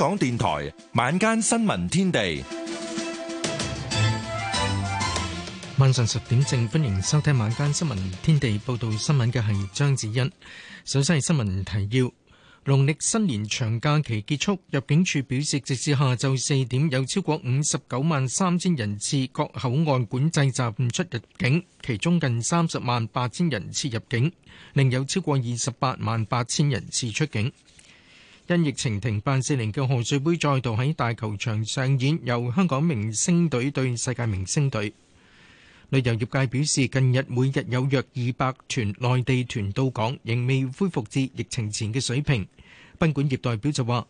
港電台晚間新聞天地，晚上十點正，歡迎收聽晚間新聞天地。報道新聞嘅係張子欣。首先係新聞提要：農曆新年長假期結束，入境處表示，直至下晝四點，有超過五十九萬三千人次各口岸管制站出入境，其中近三十萬八千人次入境，另有超過二十八萬八千人次出境。因疫情停辦四年嘅賀歲杯再度喺大球場上演，由香港明星隊對世界明星隊。旅遊業界表示，近日每日有約二百團內地團到港，仍未恢復至疫情前嘅水平。賓館業代表就話，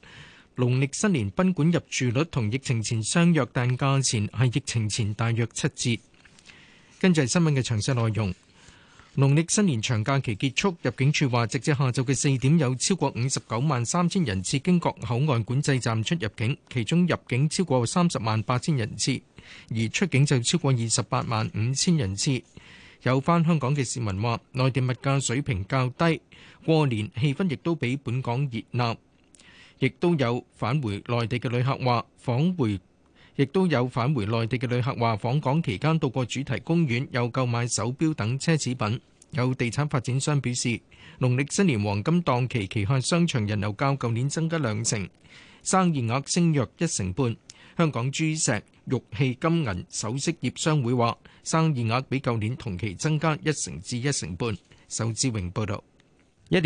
農曆新年賓館入住率同疫情前相約，但價錢係疫情前大約七折。跟住係新聞嘅詳細內容。農曆新年長假期結束，入境處話，直至下晝嘅四點有超過五十九萬三千人次經過口岸管制站出入境，其中入境超過三十萬八千人次，而出境就超過二十八萬五千人次。有返香港嘅市民話，內地物價水平較低，過年氣氛亦都比本港熱鬧。亦都有返回內地嘅旅客話，訪回亦都有返回內地嘅旅客話，訪港期間到過主題公園，又購買手錶等奢侈品。有地產發展商表示，農曆新年黃金檔期期間商場人流較舊年增加兩成，生意額升約一成半。香港珠石玉器金銀首飾業商會話，生意額比舊年同期增加一成至一成半，首志榮報道。一年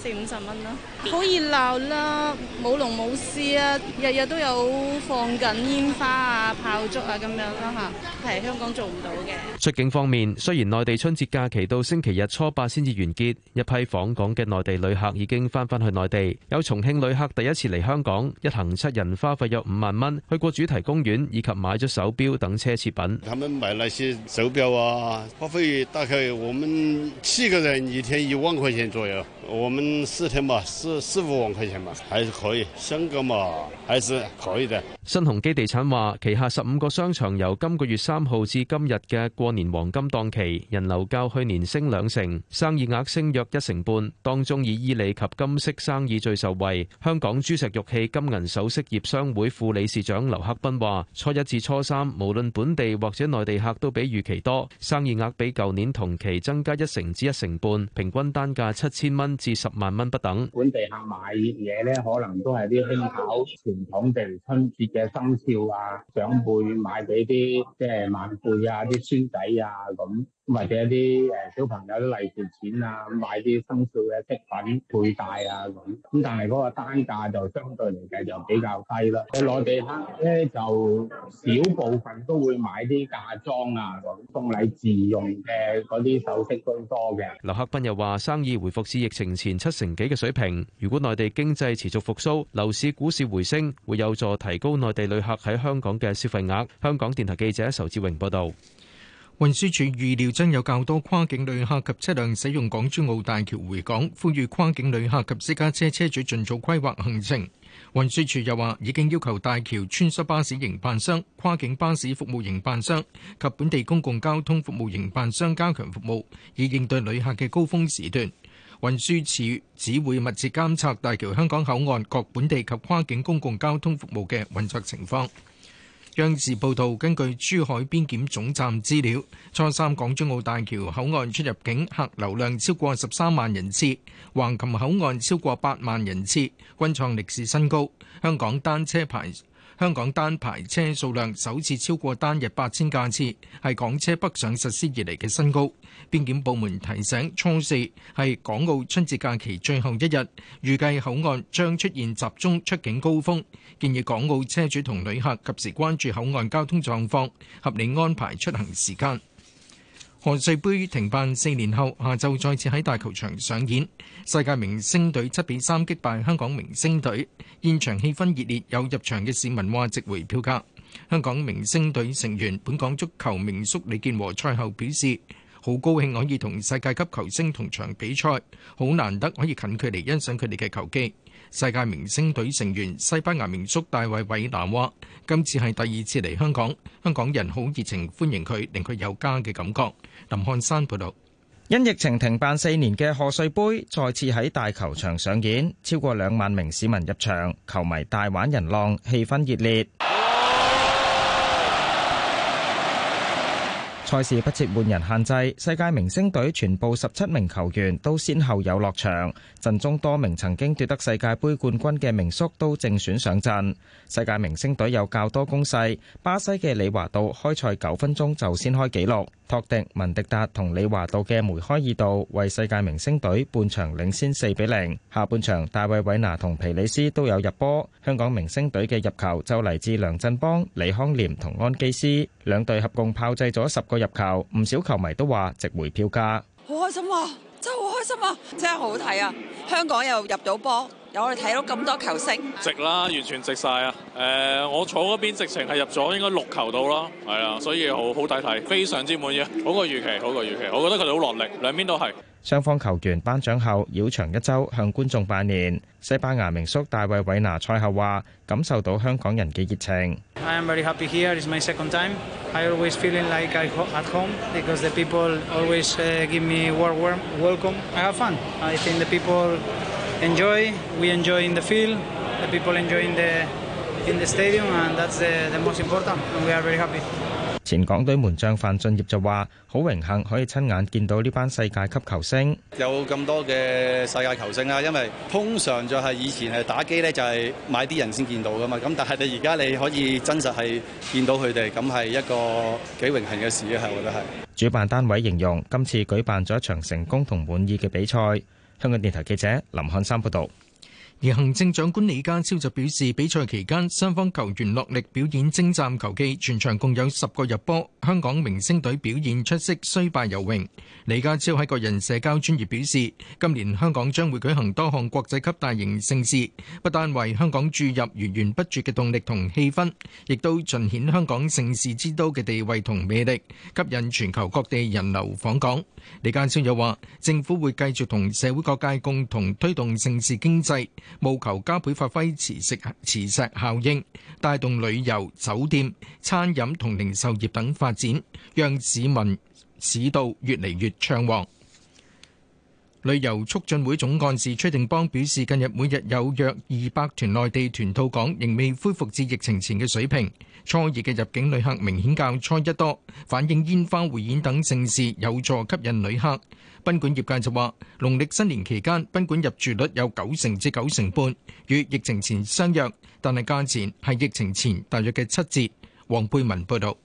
四五十蚊啦，好熱鬧啦，舞龍舞獅啊，日日、啊啊、都有放緊煙花啊、炮竹啊咁樣啦、啊、吓，係香港做唔到嘅。出境方面，雖然內地春節假期到星期日初八先至完結，一批訪港嘅內地旅客已經翻返去內地。有重慶旅客第一次嚟香港，一行七人，花費約五萬蚊，去過主題公園以及買咗手表等奢侈品。他們買那些手表啊，花費大概我們七個人一天一萬塊錢左右，我們。四天嘛，四四五萬塊錢嘛，還是可以，升咁嘛，還是可以的。新鴻基地產話，旗下十五個商場由今個月三號至今日嘅過年黃金檔期，人流較去年升兩成，生意額升約一成半，當中以伊利及金色生意最受惠。香港珠石玉器、金銀首飾業商會副理事長劉克斌話：初一至初三，無論本地或者內地客都比預期多，生意額比舊年同期增加一成至一成半，平均單價七千蚊至十。萬蚊不等，本地客買嘢咧，可能都係啲輕巧傳統，地春節嘅生肖啊，長輩買俾啲即係晚輩啊，啲孫仔啊咁。或者一啲誒小朋友啲利是錢啊，買啲生肖嘅飾品配戴啊咁，咁但係嗰個單價就相對嚟計就比較低啦。內地客咧就少部分都會買啲嫁妝啊、送禮自用嘅嗰啲首飾居多嘅。劉克斌又話：生意回復至疫情前七成幾嘅水平。如果內地經濟持續復甦，樓市、股市回升，會有助提高內地旅客喺香港嘅消費額。香港電台記者仇志榮報導。運輸署預料將有較多跨境旅客及車輛使用港珠澳大橋回港，呼籲跨境旅客及私家車車主盡早規劃行程。運輸署又話，已經要求大橋穿梭巴士營辦商、跨境巴士服務營辦商及本地公共交通服務營辦商加強服務，以應對旅客嘅高峰時段。運輸署只會密切監察大橋香港口岸各本地及跨境公共交通服務嘅運作情況。央視報道，根據珠海邊檢總站資料，初三港珠澳大橋口岸出入境客流量超過十三萬人次，橫琴口岸超過八萬人次，均創歷史新高。香港單車牌香港單排車數量首次超過單日八千架次，係港車北上實施以來嘅新高。邊檢部門提醒，初四係港澳春節假期最後一日，預計口岸將出現集中出境高峰，建議港澳車主同旅客及時關注口岸交通狀況，合理安排出行時間。賀歲杯停辦四年後，下晝再次喺大球場上演。世界明星隊七比三擊敗香港明星隊，現場氣氛熱烈，有入場嘅市民話值回票價。香港明星隊成員、本港足球名宿李健和賽後表示：好高興可以同世界級球星同場比賽，好難得可以近距離欣賞佢哋嘅球技。世界明星隊成員西班牙名宿大衛·維拿話：今次係第二次嚟香港，香港人好熱情歡迎佢，令佢有家嘅感覺。林漢山報道。因疫情停辦四年嘅賀歲杯再次喺大球場上演，超過兩萬名市民入場，球迷大玩人浪，氣氛熱烈。賽事不設換人限制，世界明星隊全部十七名球員都先後有落場，陣中多名曾經奪得世界杯冠軍嘅名宿都正選上陣。世界明星隊有較多攻勢，巴西嘅李華道開賽九分鐘就先開紀錄，托迪、文迪達同李華道嘅梅開二度，為世界明星隊半場領先四比零。下半場大衛韋拿同皮里斯都有入波，香港明星隊嘅入球就嚟自梁振邦、李康廉同安基斯，兩隊合共炮製咗十個入球，唔少球迷都話值回票價。好開心啊！真係好開心啊！真係好好睇啊！香港又入到波，有我哋睇到咁多球星，值啦，完全值晒啊！誒、呃，我坐嗰邊直情係入咗應該六球到咯，係啊，所以好好抵睇，非常之滿意，好過預期，好過預期，我覺得佢哋好落力，兩邊都係。雙方球員頒獎後繞場一周向觀眾拜年。西班牙名宿大衛·維拿賽後話：感受到香港人嘅熱情。前港隊門將范俊業就話，好榮幸可以親眼見到呢班世界級球星。有咁多嘅世界球星，因為通常就係以前係打機呢就係買啲人先見到㗎嘛，但係你而家你可以真實係見到佢哋，咁係一個幾榮幸嘅事，係我覺得係。主辦單位形容，今次舉辦咗一場成功同滿意嘅比賽，香港電台記者林漢山報道。而行政長官李家超就表示，比賽期間雙方球員落力表演精湛球技，全場共有十個入波。香港明星隊表現出色，雖敗猶榮。李家超喺個人社交專頁表示，今年香港將會舉行多項國際級大型盛事，不但為香港注入源源不絕嘅動力同氣氛，亦都盡顯香港盛事之都嘅地位同魅力，吸引全球各地人流訪港。李家超又話，政府會繼續同社會各界共同推動盛事經濟。務求加倍發揮磁石磁石效應，帶動旅遊、酒店、餐飲同零售業等發展，讓市民市道越嚟越暢旺。旅遊促進會總幹事崔定邦表示，近日每日有約二百團內地團到港，仍未恢復至疫情前嘅水平。初二嘅入境旅客明顯較初一多，反映煙花匯演等盛事有助吸引旅客。賓館業界就話，農曆新年期間賓館入住率有九成至九成半，與疫情前相若，但係價錢係疫情前大約嘅七折。黃佩文報道，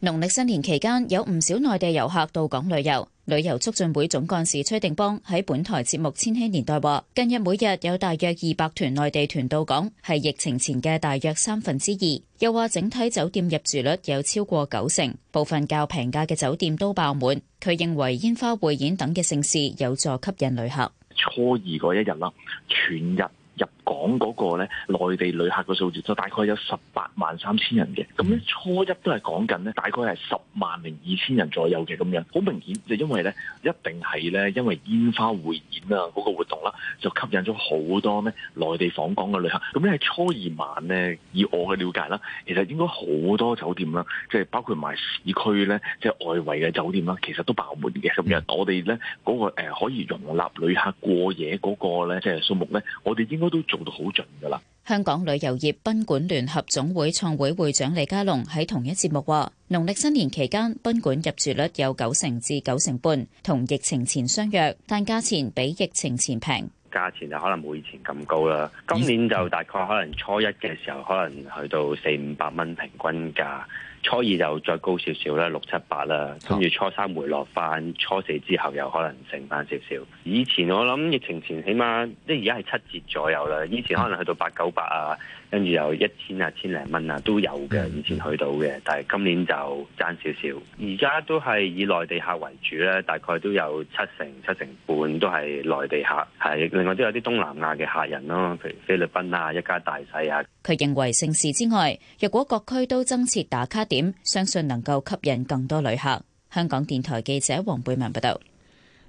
農曆新年期間有唔少內地遊客到港旅遊。旅遊促進會總幹事崔定邦喺本台節目《千禧年代》話：近日每日有大約二百團內地團到港，係疫情前嘅大約三分之二。又話整體酒店入住率有超過九成，部分較平價嘅酒店都爆滿。佢認為煙花匯演等嘅盛事有助吸引旅客。初二嗰一日啦，全日。入港嗰個咧，內地旅客嘅數字就大概有十八萬三千人嘅，咁咧初一都係講緊咧，大概係十萬零二千人左右嘅咁樣，好明顯就因為咧一定係咧，因為煙花匯演啊嗰個活動啦，就吸引咗好多咧內地訪港嘅旅客。咁咧喺初二晚咧，以我嘅了解啦，其實應該好多酒店啦，即係包括埋市區咧，即係外圍嘅酒店啦，其實都爆滿嘅。咁樣我哋咧嗰個誒可以容納旅客過夜嗰個咧，即係數目咧，我哋應該。都做得好盡㗎喇！香港旅遊業賓館聯合總會創會會長李家龍喺同一節目話，農曆新年期間賓館入住率有九成至九成半，同疫情前相若，但價錢比疫情前平。價錢就可能冇以前咁高喇。今年就大概可能初一嘅時候，可能去到四五百蚊平均價。初二就再高少少啦，六七百啦，跟住初三回落翻，初四之後又可能剩翻少少。以前我諗疫情前起碼，即係而家係七折左右啦，以前可能去到八九百啊。跟住有一千啊，千零蚊啊都有嘅，以前去到嘅，但係今年就爭少少。而家都係以內地客為主咧，大概都有七成七成半都係內地客，係另外都有啲東南亞嘅客人咯，譬如菲律賓啊、一家大細啊。佢認為城市之外，若果各區都增設打卡點，相信能夠吸引更多旅客。香港電台記者黃貝文報道。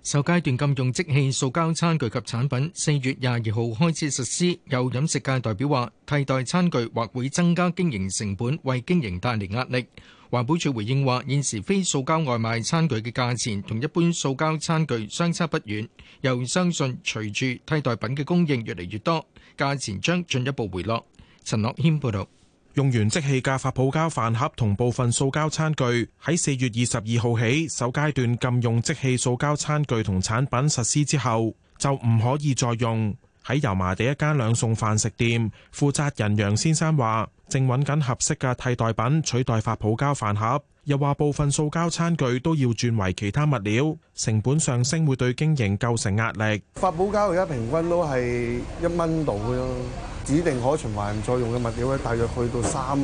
首階段禁用即棄塑膠餐具及產品，四月廿二號開始實施。有飲食界代表話，替代餐具或會增加經營成本，為經營帶嚟壓力。環保署回應話，現時非塑膠外賣餐具嘅價錢同一般塑膠餐具相差不遠，又相信隨住替代品嘅供應越嚟越多，價錢將進一步回落。陳樂軒報道。用完即棄嘅發泡膠飯盒同部分塑膠餐具，喺四月二十二號起首階段禁用即棄塑膠餐具同產品實施之後，就唔可以再用。喺油麻地一間兩餸飯食店，負責人楊先生話，正揾緊合適嘅替代品取代發泡膠飯盒。又話部分塑膠餐具都要轉為其他物料，成本上升會對經營構成壓力。發泡膠而家平均都係一蚊度咯，指定可循環唔再用嘅物料，大約去到三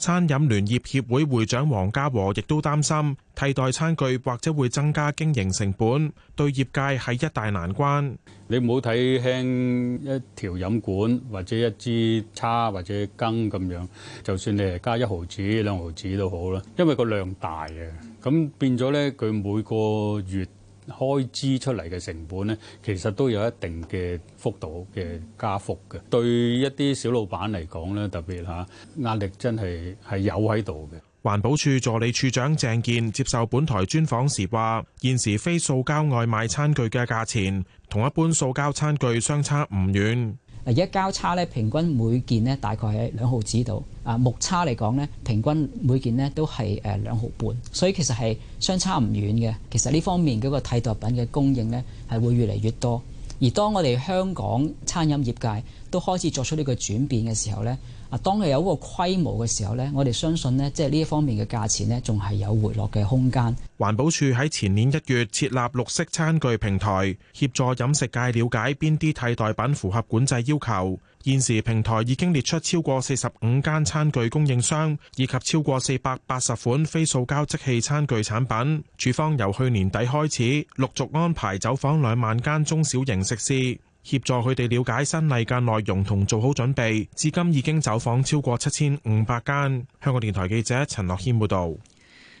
餐飲聯業協會會長黃家和亦都擔心，替代餐具或者會增加經營成本，對業界係一大難關。你唔好睇輕一條飲管或者一支叉或者羹咁樣，就算你係加一毫子兩毫子都好啦，因為個量大啊，咁變咗咧，佢每個月。開支出嚟嘅成本呢，其實都有一定嘅幅度嘅加幅嘅，對一啲小老闆嚟講呢，特別嚇壓力真係係有喺度嘅。環保署助理處長鄭健接受本台專訪時話，現時非塑膠外賣餐具嘅價錢同一般塑膠餐具相差唔遠。而家交叉咧，平均每件咧大概喺兩毫紙度。啊，木叉嚟講咧，平均每件咧都係誒兩毫半，所以其實係相差唔遠嘅。其實呢方面嗰個替代品嘅供應咧係會越嚟越多。而當我哋香港餐飲業界都開始作出呢個轉變嘅時候咧。啊，當係有嗰個規模嘅時候呢，我哋相信呢，即係呢一方面嘅價錢呢，仲係有回落嘅空間。環保署喺前年一月設立綠色餐具平台，協助飲食界了解邊啲替代品符合管制要求。現時平台已經列出超過四十五間餐具供應商，以及超過四百八十款非塑膠即棄餐具產品。署方由去年底開始，陸續安排走訪兩萬間中小型食肆。協助佢哋了解新例嘅內容同做好準備，至今已經走訪超過七千五百間。香港電台記者陳樂軒報道。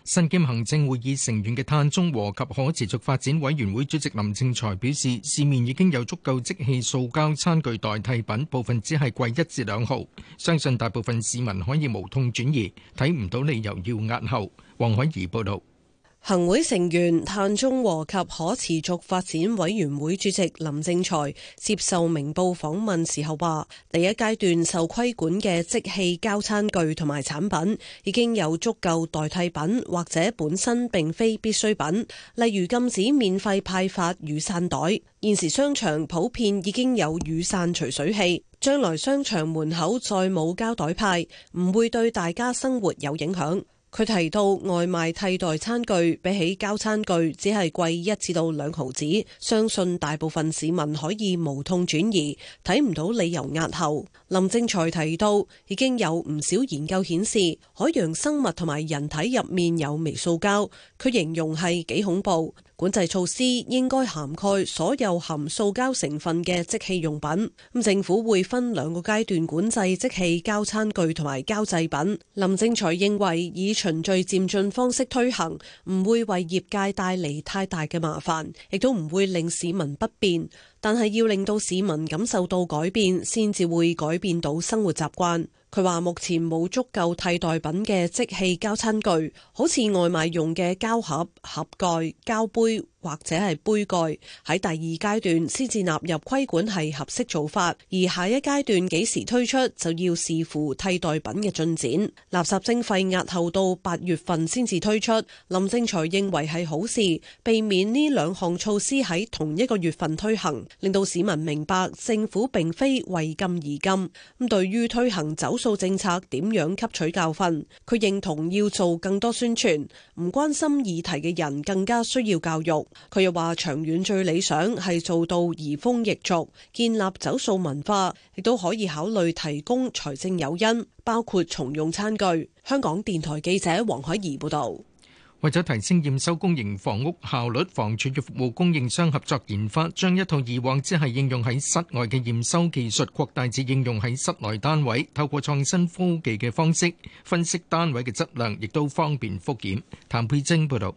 身兼行政會議成員嘅碳中和及可持續發展委員會主席林正財表示，市面已經有足夠即棄塑膠餐具代替品，部分只係貴一至兩毫，相信大部分市民可以無痛轉移，睇唔到理由要押後。黃海怡報道。行會成員碳中和及可持續發展委員會主席林正財接受明報訪問時候話：第一階段受規管嘅即棄膠餐具同埋產品已經有足夠代替品，或者本身並非必需品，例如禁止免費派發雨傘袋。現時商場普遍已經有雨傘除水器，將來商場門口再冇膠袋派，唔會對大家生活有影響。佢提到外賣替代餐具比起膠餐具只係貴一至到兩毫紙，相信大部分市民可以無痛轉移，睇唔到理由押後。林正財提到已經有唔少研究顯示海洋生物同埋人體入面有微塑膠，佢形容係幾恐怖。管制措施應該涵蓋所有含塑膠成分嘅即器棄用品。咁政府會分兩個階段管制即棄膠餐具同埋膠製品。林正財認為以循序漸進方式推行，唔會為業界帶嚟太大嘅麻煩，亦都唔會令市民不便。但係要令到市民感受到改變先至會改變到生活習慣。佢話目前冇足夠替代品嘅即棄膠餐具，好似外賣用嘅膠盒、盒蓋、膠杯。或者係杯蓋喺第二階段先至納入規管係合適做法，而下一階段幾時推出就要視乎替代品嘅進展。垃圾徵費押後到八月份先至推出。林正財認為係好事，避免呢兩項措施喺同一個月份推行，令到市民明白政府並非為禁而禁。咁對於推行走塑政策點樣吸取教訓，佢認同要做更多宣傳，唔關心議題嘅人更加需要教育。佢又話：長遠最理想係做到移風易俗，建立走數文化，亦都可以考慮提供財政誘因，包括重用餐具。香港電台記者黃海怡報導。為咗提升驗收公營房屋效率，房署與服務供應商合作研發，將一套以往只係應用喺室外嘅驗收技術，擴大至應用喺室內單位。透過創新科技嘅方式，分析單位嘅質量，亦都方便復檢。譚佩晶報道。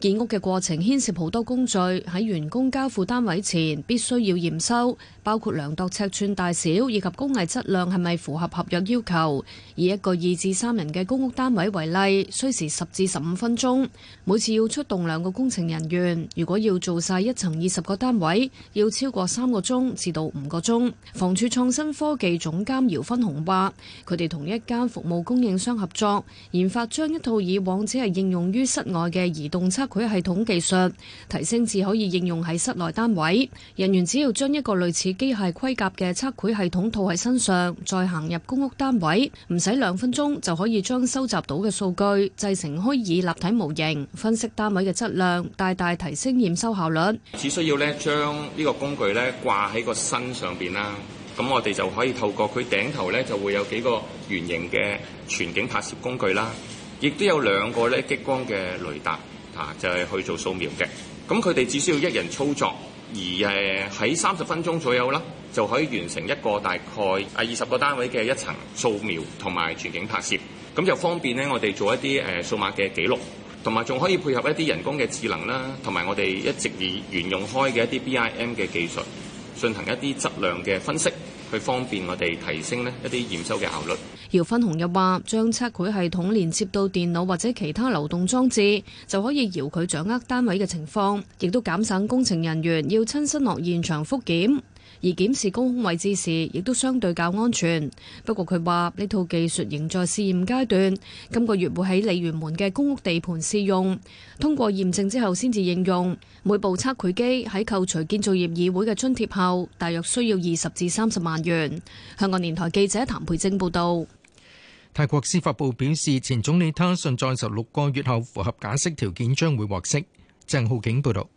建屋嘅過程牽涉好多工序，喺員工交付單位前必須要驗收，包括量度、尺寸大小以及工藝質量係咪符合合約要求。以一個二至三人嘅公屋單位為例，需時十至十五分鐘。每次要出動兩個工程人員，如果要做晒一層二十個單位，要超過三個鐘至到五個鐘。房署創新科技總監姚芬紅話：佢哋同一間服務供應商合作，研發將一套以往只係應用於室外嘅移動測。佢系統技術提升至可以應用喺室內單位，人員只要將一個類似機械盔甲嘅測繪系統套喺身上，再行入公屋單位，唔使兩分鐘就可以將收集到嘅數據製成虛擬立體模型，分析單位嘅質量，大大提升驗收效率。只需要呢將呢個工具呢掛喺個身上邊啦，咁我哋就可以透過佢頂頭呢就會有幾個圓形嘅全景拍攝工具啦，亦都有兩個呢激光嘅雷達。啊，就係去做掃描嘅，咁佢哋只需要一人操作，而誒喺三十分鐘左右啦，就可以完成一個大概二十個單位嘅一層掃描同埋全景拍攝，咁就方便咧，我哋做一啲誒數碼嘅記錄，同埋仲可以配合一啲人工嘅智能啦，同埋我哋一直以沿用開嘅一啲 BIM 嘅技術，進行一啲質量嘅分析，去方便我哋提升咧一啲驗收嘅效率。姚芬雄又話：將測繪系統連接到電腦或者其他流動裝置，就可以遙距掌握單位嘅情況，亦都減省工程人員要親身落現場覆檢。而檢視高空位置時，亦都相對較安全。不過，佢話呢套技術仍在試驗階段，今個月會喺鯉魚門嘅公屋地盤試用，通過驗證之後先至應用。每部測繪機喺扣除建造業議會嘅津貼後，大約需要二十至三十萬元。香港電台記者譚培正報導。泰國司法部表示，前總理他信在十六個月後符合假釋條件，將會獲釋。鄭浩景報道。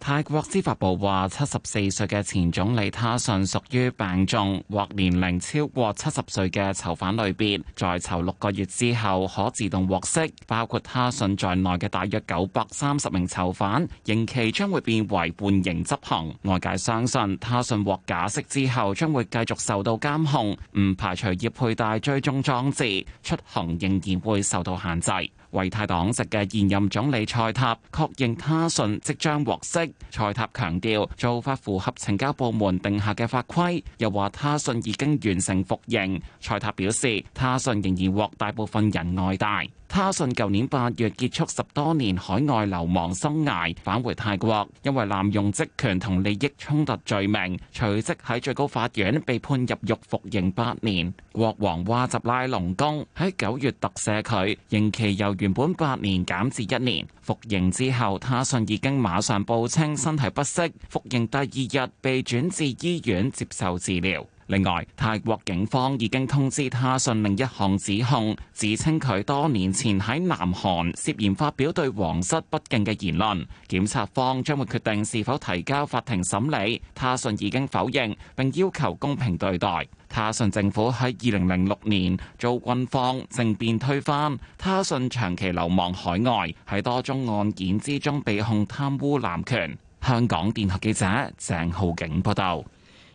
泰國司法部話，七十四歲嘅前總理他信屬於病重或年齡超過七十歲嘅囚犯類別，在囚六個月之後可自動獲釋，包括他信在內嘅大約九百三十名囚犯，刑期將會變為緩刑執行。外界相信，他信獲假釋之後將會繼續受到監控，唔排除要佩戴追蹤裝置，出行仍然會受到限制。維泰黨籍嘅現任總理蔡塔確認他信即將獲釋。蔡塔強調做法符合懲教部門定下嘅法規，又話他信已經完成服刑。蔡塔表示，他信仍然獲大部分人愛戴。他信舊年八月結束十多年海外流亡生涯，返回泰國，因為濫用職權同利益衝突罪名，隨即喺最高法院被判入獄服刑八年。國王哇集拉隆功喺九月特赦佢，刑期由原本八年減至一年。服刑之後，他信已經馬上報稱身體不適，服刑第二日被轉至醫院接受治療。另外，泰國警方已經通知他信另一項指控，指稱佢多年前喺南韓涉嫌發表對皇室不敬嘅言論。檢察方將會決定是否提交法庭審理。他信已經否認，並要求公平對待。他信政府喺二零零六年遭軍方政變推翻，他信長期流亡海外，喺多宗案件之中被控貪污濫權。香港電台記者鄭浩景報道。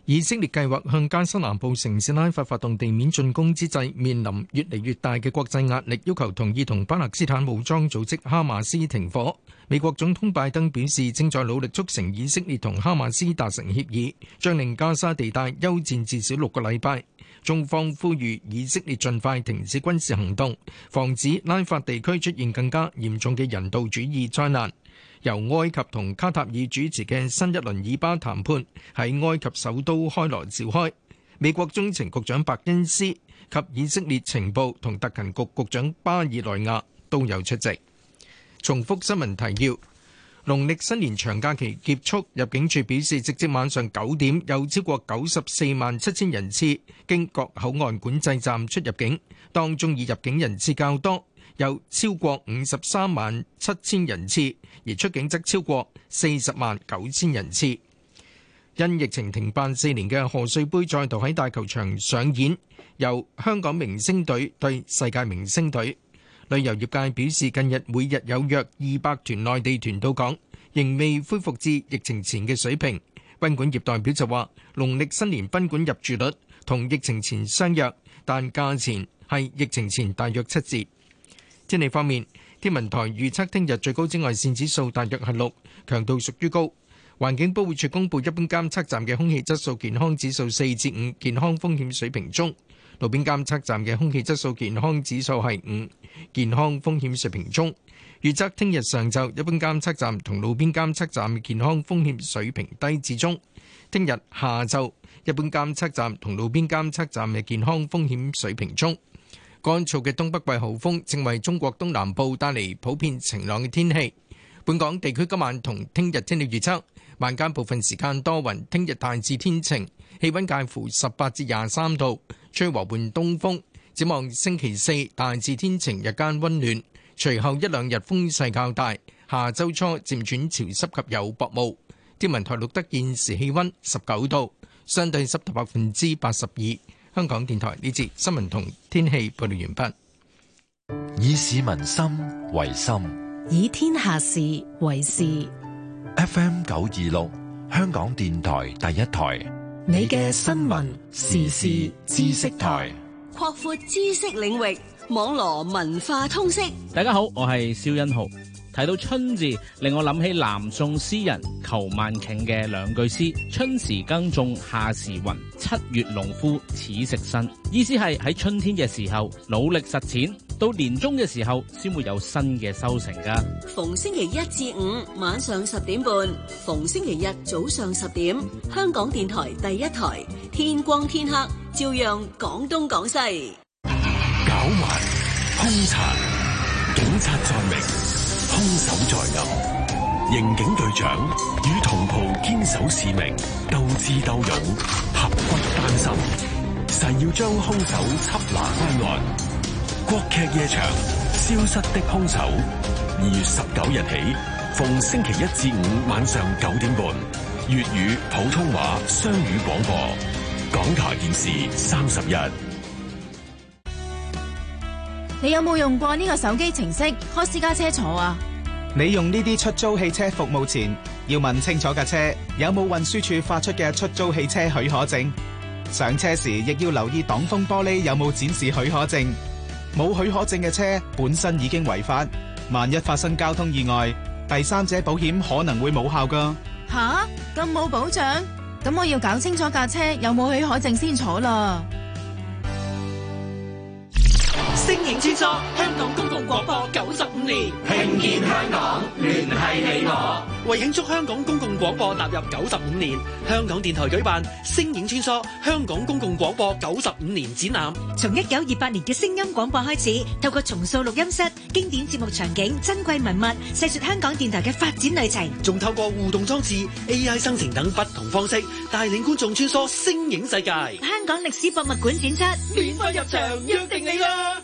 以色列計劃向加沙南部城市拉法發動地面進攻之際，面臨越嚟越大嘅國際壓力，要求同意同巴勒斯坦武裝組織哈馬斯停火。美國總統拜登表示，正在努力促成以色列同哈馬斯達成協議，將令加沙地帶休戰至少六個禮拜。中方呼籲以色列盡快停止軍事行動，防止拉法地區出現更加嚴重嘅人道主義災難。由有超過五十三萬七千人次，而出境則超過四十萬九千人次。因疫情停辦四年嘅賀歲杯再度喺大球場上演，由香港明星隊對世界明星隊。旅遊業界表示，近日每日有約二百團內地團到港，仍未恢復至疫情前嘅水平。賓館業代表就話，農曆新年賓館入住率同疫情前相約，但價錢係疫情前大約七折。天氣方面，天文台預測聽日最高紫外線指數大約係六，強度屬於高。環境保護署公布一般監測站嘅空氣質素健康指數四至五，健康風險水平中；路邊監測站嘅空氣質素健康指數係五，健康風險水平中。預測聽日上晝一般監測站同路邊監測站嘅健康風險水平低至中；聽日下晝一般監測站同路邊監測站嘅健康風險水平中。乾燥嘅東北季候風正為中國東南部帶嚟普遍晴朗嘅天氣。本港地區今晚同聽日天氣預測，晚間部分時間多雲，聽日大致天晴，氣温介乎十八至廿三度，吹和緩東風。展望星期四大致天晴，日間温暖，隨後一兩日風勢較大，下周初漸轉潮濕及有薄霧。天文台錄得現時氣温十九度，相對濕度百分之八十二。香港電台呢節新聞同天氣報道完畢，以市民心為心，以天下事為事。F. M. 九二六，香港電台第一台，你嘅新聞時事知識台，擴闊知識領域，網羅文化通識。大家好，我係蕭欣浩。提到春字，令我諗起南宋詩人裘萬頃嘅兩句詩：春時耕種，夏時耘，七月農夫，始食新。意思係喺春天嘅時候努力實踐，到年終嘅時候先會有新嘅收成噶。逢星期一至五晚上十點半，逢星期日早上十點，香港電台第一台，天光天黑，照樣講東講西。搞埋凶殘警察在明。兇手在暗，刑警隊長與同袍堅守使命，鬥智鬥勇，俠骨丹心，誓要將兇手緝拿歸案。國劇夜場《消失的兇手》，二月十九日起，逢星期一至五晚上九點半，粵語、普通話雙語廣播，港台電視三十一。你有冇用過呢個手機程式開私家車坐啊？你用呢啲出租汽車服務前，要問清楚架車有冇運輸處發出嘅出租汽車許可證。上車時亦要留意擋風玻璃有冇展示許可證。冇許可證嘅車本身已經違法，萬一發生交通意外，第三者保險可能會冇效㗎。吓？咁冇保障，咁我要搞清楚架車有冇許可證先坐啦。聲音穿梭香港公共廣播九十五年，聽見香港，聯繫你我。為慶祝香港公共廣播踏入九十五年，香港電台舉辦《聲影穿梭香港公共廣播九十五年展覽》，從一九二八年嘅聲音廣播開始，透過重塑錄音室、經典節目場景、珍貴文物，細說香港電台嘅發展旅程；仲透過互動裝置、AI 生成等不同方式，帶領觀眾穿梭聲影世界。香港歷史博物館展出，免費入場，約定你啦！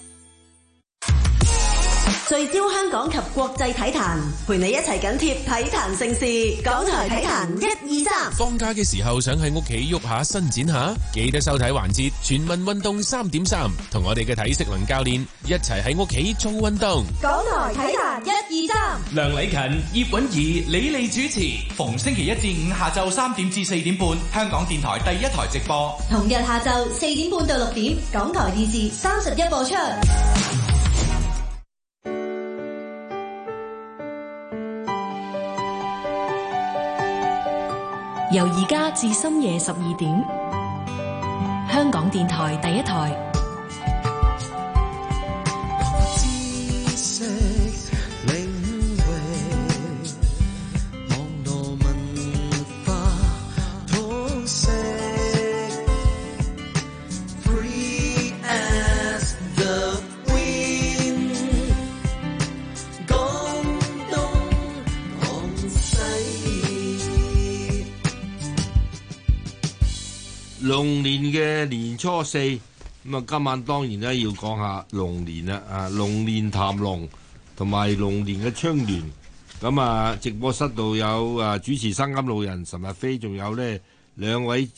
聚焦香港及國際體壇，陪你一齊緊貼體壇盛事。港台體壇一二三。放假嘅時候想喺屋企喐下、伸展下，記得收睇環節全民運動三點三，同我哋嘅體適能教練一齊喺屋企做運動。港台體壇一二三。梁禮勤、葉韻儀、李麗主持。逢星期一至五下晝三點至四點半，香港電台第一台直播。同日下晝四點半到六點，港台電視三十一播出。由而家至深夜十二點，香港電台第一台。龍年嘅年初四，咁啊今晚當然咧，要講下龍年啦，啊龍年談龍同埋龍年嘅春聯，咁啊直播室度有啊主持生金老人岑日飛，仲有咧兩位。